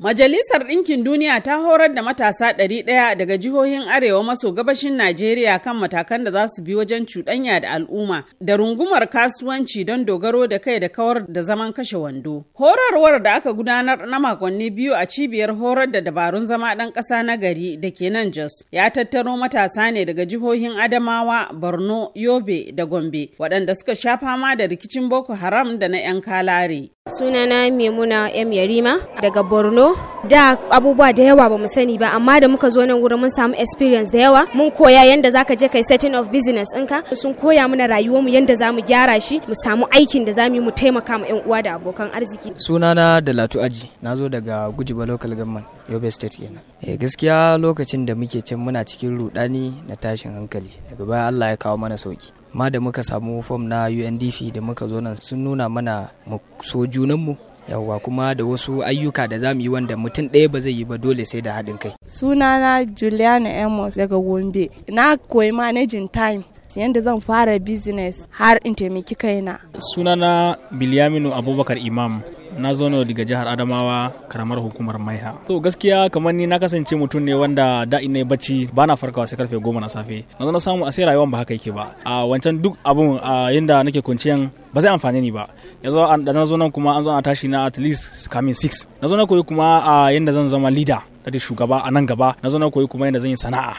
Majalisar Ɗinkin Duniya ta horar da matasa 100 daga jihohin Arewa maso gabashin Najeriya kan matakan da za su bi wajen cuɗanya da al'umma da rungumar kasuwanci don dogaro da kai da kawar da zaman kashe wando. Horarwar da aka gudanar na makonni biyu a cibiyar horar da dabarun zama ɗan ƙasa na gari da ke nan Jos ya tattaro matasa ne daga jihohin Adamawa, Borno, Yobe da Gombe waɗanda suka sha fama da rikicin Boko Haram da na 'yan kalare. sunana maimuna m yarima daga borno da abubuwa da yawa ba mu sani ba amma da muka zo nan wurin mun samu experience da yawa mun koya yanda zaka je kai setting of business ɗinka sun koya mana rayuwar mu yanda zamu gyara shi mu samu aikin da zamu yi mu taimaka ma yan uwa da abokan arziki sunana da latu aji na zo daga gujiba local government yobe state kenan eh gaskiya lokacin da muke can muna cikin rudani na tashin hankali daga baya Allah ya kawo mana sauki ma da muka samu fom na undp da muka zo nan sun nuna mana mu so junanmu yawwa kuma da wasu ayyuka da za mu yi wanda mutum ɗaya ba zai yi ba dole sai da haɗin kai sunana juliana amos daga gombe na koyi managing time yadda zan fara business har in taimaki kaina sunana bilyaminu abubakar imam na zo ne daga jihar adamawa karamar hukumar maiha to gaskiya kamar ni na kasance mutum ne wanda da ina bacci ba na farkawa sai karfe goma na safe na zo na samu a sai rayuwar ba haka yake ba a wancan duk abun a yanda nake kunciyan ba zai amfani ni ba yanzu da na zo nan kuma an zo a tashi na at least kamin 6 na zo na koyi kuma a yadda zan zama leader da shugaba a nan gaba na zo na koyi kuma yadda zan yi sana'a.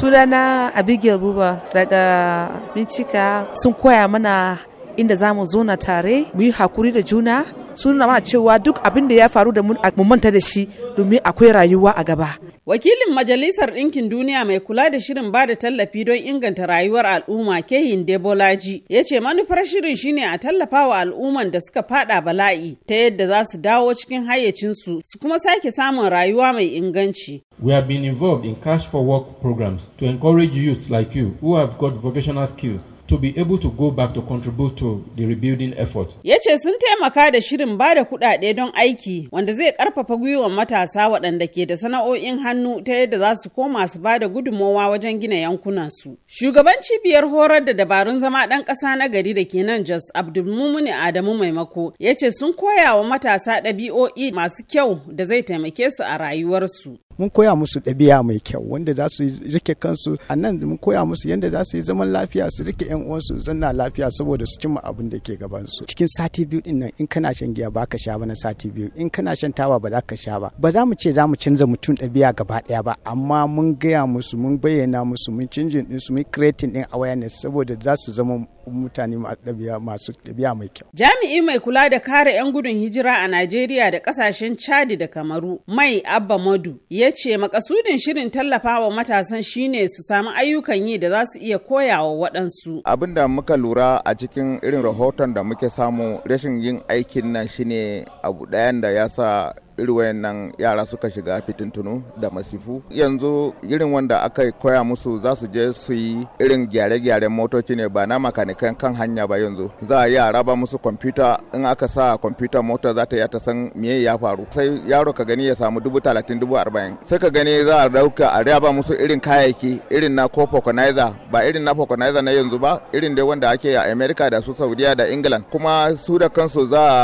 Sunana Abigail Buba daga Bincika sun koya mana inda za mu zo na tare mu yi hakuri da juna suna mana cewa duk abin da ya faru da mu manta da shi domin akwai rayuwa a gaba. Wakilin Majalisar Ɗinkin Duniya mai kula da shirin ba da tallafi don inganta rayuwar al'umma Kehin Debolaji ya ce manufar shirin shine a tallafa wa al'umman da suka fada bala'i ta yadda za su dawo cikin hayyacinsu su kuma sake samun rayuwa mai inganci. We have been involved in cash for work programs to encourage youths like you who have got vocational skills to be able to go back to contribute to the rebuilding effort. Ya ce sun taimaka da shirin ba da kuɗaɗe don aiki wanda zai ƙarfafa gwiwar matasa waɗanda ke da sana'o'in hannu ta yadda za su koma su ba da gudummawa wajen gina yankunansu. Shugaban cibiyar horar da dabarun zama ɗan ƙasa na gari da ke nan Jos Abdulmumuni Adamu Maimako ya ce sun koya wa matasa ɗabi'o'i masu kyau da zai taimake su a rayuwarsu. mun koya musu ɗabi'a mai kyau wanda za su rike kansu a nan mun koya musu yadda za su yi zaman lafiya su rike yan uwansu zanna lafiya saboda su cimma abin da ke gaban su cikin sati biyu din nan in kana shan giya ba ka sha ba na sati biyu in kana shan taba ba za ka sha ba ba za mu ce za mu canza mutum ɗabi'a gaba ɗaya ba amma mun gaya musu mun bayyana musu mun canjin din su mun creating din awareness saboda za su zama mutane masu ɗabi'a mai kyau. Jami'i mai kula da kare 'yan gudun hijira a Najeriya da ƙasashen Chadi da Kamaru, Mai Abba Madu, ya ce makasudin shirin tallafawa matasan shine su samu ayyukan yi da za su iya koyawa waɗansu. Abin da muka lura a cikin irin rahoton da muke samu rashin yin aikin nan shine abu ɗayan da ya sa irin nan yara suka shiga fitintunu da masifu yanzu irin wanda aka koya musu za su je su yi irin gyare-gyaren motoci ne ba na makanikan kan hanya ba yanzu za a yi a raba musu kwamfuta in aka sa kwamfuta mota za ta yata ta san me ya faru sai yaro ka gani ya samu dubu talatin dubu arba'in sai ka gani za a dauka a raba musu irin kayayyaki irin na ko fokonizer ba irin na fokonizer na yanzu ba irin dai wanda ake a america da su saudiya da england kuma su da kansu za a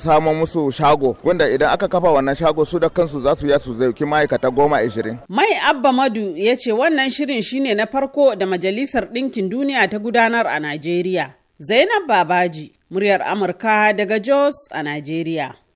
samo musu shago wanda idan aka kafa kafa wannan shago su da kansu za su ya su zai ma'aikata goma ashirin. Mai Abba Madu ya ce wannan shirin shine na farko da Majalisar Ɗinkin Duniya ta gudanar a Najeriya. Zainab Babaji, muryar Amurka daga Jos a Najeriya.